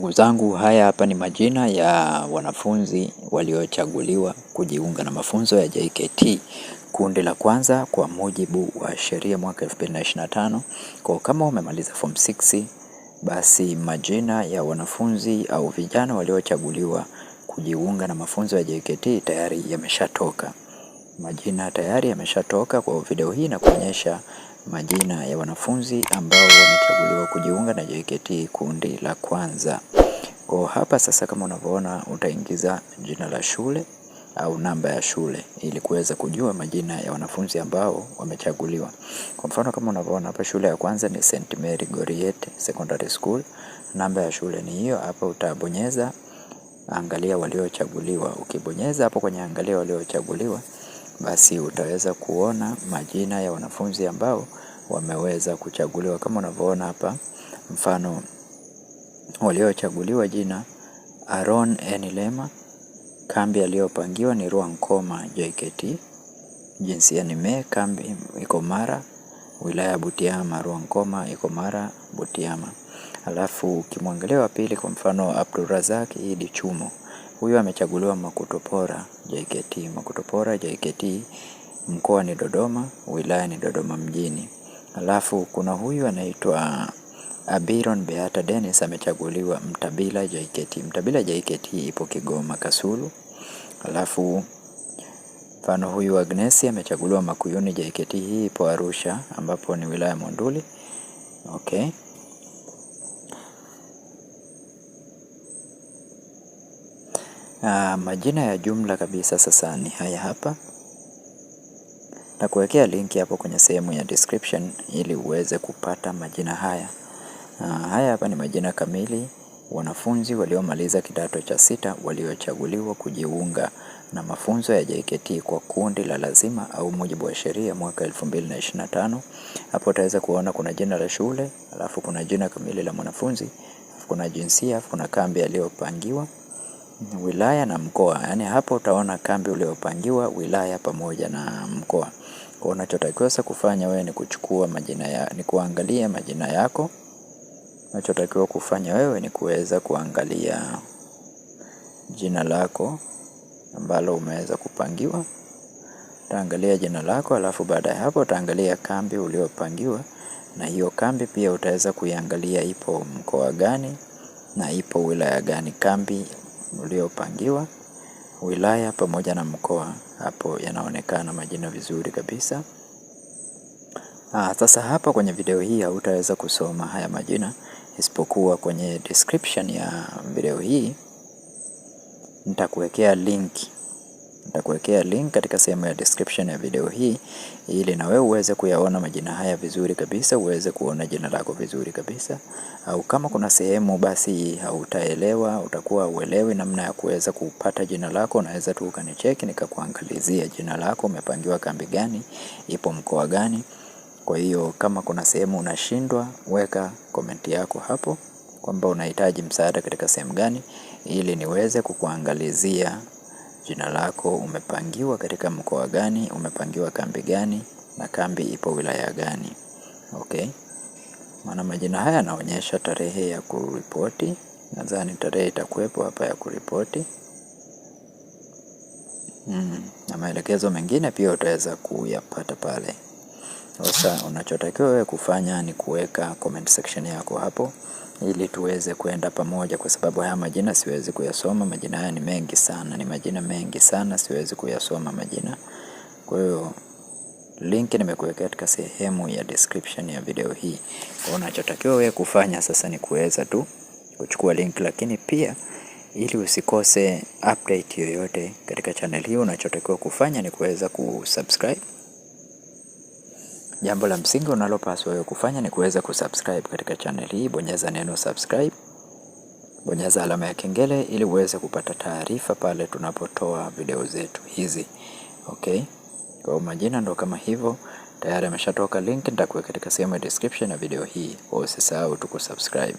Wenzangu haya hapa ni majina ya wanafunzi waliochaguliwa kujiunga na mafunzo ya JKT kundi la kwanza kwa mujibu wa sheria mwaka 2025. Kwa kama umemaliza form 6 basi majina ya wanafunzi au vijana waliochaguliwa kujiunga na mafunzo ya JKT tayari yameshatoka. Majina tayari yameshatoka kwa video hii na kuonyesha Majina ya wanafunzi ambao wamechaguliwa kujiunga na JKT kundi la kwanza. Kwa hapa sasa, kama unavyoona, utaingiza jina la shule au namba ya shule ili kuweza kujua majina ya wanafunzi ambao wamechaguliwa. Kwa mfano kama unavyoona hapa, shule ya kwanza ni St Mary Goriette Secondary School. Namba ya shule ni hiyo hapa, utabonyeza angalia waliochaguliwa. Ukibonyeza hapo kwenye angalia waliochaguliwa, basi utaweza kuona majina ya wanafunzi ambao wameweza kuchaguliwa kama unavyoona hapa, mfano waliochaguliwa jina Aaron Enilema, kambi aliyopangiwa ni Ruankoma JKT, jinsia ni me, kambi iko Mara, wilaya ya Butiama. Ruankoma iko Mara, Butiama. Alafu ukimwangalia wa pili, kwa mfano Abdurazak Idi Chumo, huyu amechaguliwa Makutopora JKT. Makutopora JKT, mkoa ni Dodoma, wilaya ni Dodoma mjini. Alafu kuna huyu anaitwa Abiron uh, Beata Dennis amechaguliwa Mtabila JKT. Mtabila JKT ipo Kigoma Kasulu. Alafu mfano huyu Agnesi amechaguliwa Makuyuni JKT, hii ipo Arusha ambapo ni wilaya Monduli. Okay. Uh, majina ya jumla kabisa sasa ni haya hapa na kuwekea linki hapo kwenye sehemu ya description ili uweze kupata majina haya. Na ah, haya hapa ni majina kamili wanafunzi waliomaliza kidato cha sita waliochaguliwa kujiunga na mafunzo ya JKT kwa kundi la lazima au mujibu wa sheria mwaka 2025. Hapo utaweza kuona kuna jina la shule, alafu kuna jina kamili la mwanafunzi, alafu kuna jinsia, alafu kuna kambi aliyopangiwa, wilaya na mkoa. Yani hapo utaona kambi uliopangiwa, wilaya pamoja na mkoa unachotakiwa sasa kufanya wewe ni kuchukua majina ya, ni kuangalia majina yako. Unachotakiwa kufanya wewe ni kuweza kuangalia jina lako ambalo umeweza kupangiwa. Utaangalia jina lako, alafu baada ya hapo utaangalia kambi uliopangiwa, na hiyo kambi pia utaweza kuiangalia ipo mkoa gani na ipo wilaya gani kambi uliopangiwa wilaya pamoja na mkoa hapo yanaonekana majina vizuri kabisa. Aa, ah, sasa hapa kwenye video hii hautaweza kusoma haya majina isipokuwa kwenye description ya video hii nitakuwekea linki Nimekuwekea link katika sehemu ya description ya video hii ili na wewe uweze kuyaona majina haya vizuri kabisa, uweze kuona jina lako vizuri kabisa, au kama kuna sehemu basi hautaelewa, utakuwa uelewi namna ya kuweza kupata jina lako, unaweza tu ukanicheki nikakuangalizia jina lako, umepangiwa kambi gani, ipo mkoa gani. Kwa hiyo kama kuna sehemu unashindwa, weka komenti yako hapo kwamba unahitaji msaada katika sehemu gani, ili niweze kukuangalizia jina lako, umepangiwa katika mkoa gani, umepangiwa kambi gani, na kambi ipo wilaya gani. Okay, maana majina haya yanaonyesha tarehe ya kuripoti. Nadhani tarehe itakuwepo hapa ya kuripoti. Mm, Na maelekezo mengine pia utaweza kuyapata pale. Sasa unachotakiwa wewe kufanya ni kuweka comment section yako hapo ili tuweze kwenda pamoja, kwa sababu haya majina siwezi kuyasoma. Majina haya ni mengi sana, ni majina mengi sana, siwezi kuyasoma majina. Kwa hiyo link nimekuwekea katika sehemu ya description ya video hii. Kwa unachotakiwa wewe kufanya sasa ni kuweza tu kuchukua link, lakini pia ili usikose update yoyote katika channel hii, unachotakiwa kufanya ni kuweza kusubscribe Jambo la msingi unalopaswa wewe kufanya ni kuweza kusubscribe katika channel hii. Bonyeza neno subscribe, bonyeza alama ya kengele ili uweze kupata taarifa pale tunapotoa video zetu hizi. Okay, kwa majina ndo kama hivyo, tayari ameshatoka link nitakuweka katika sehemu ya description ya video hii. Usisahau tu kusubscribe.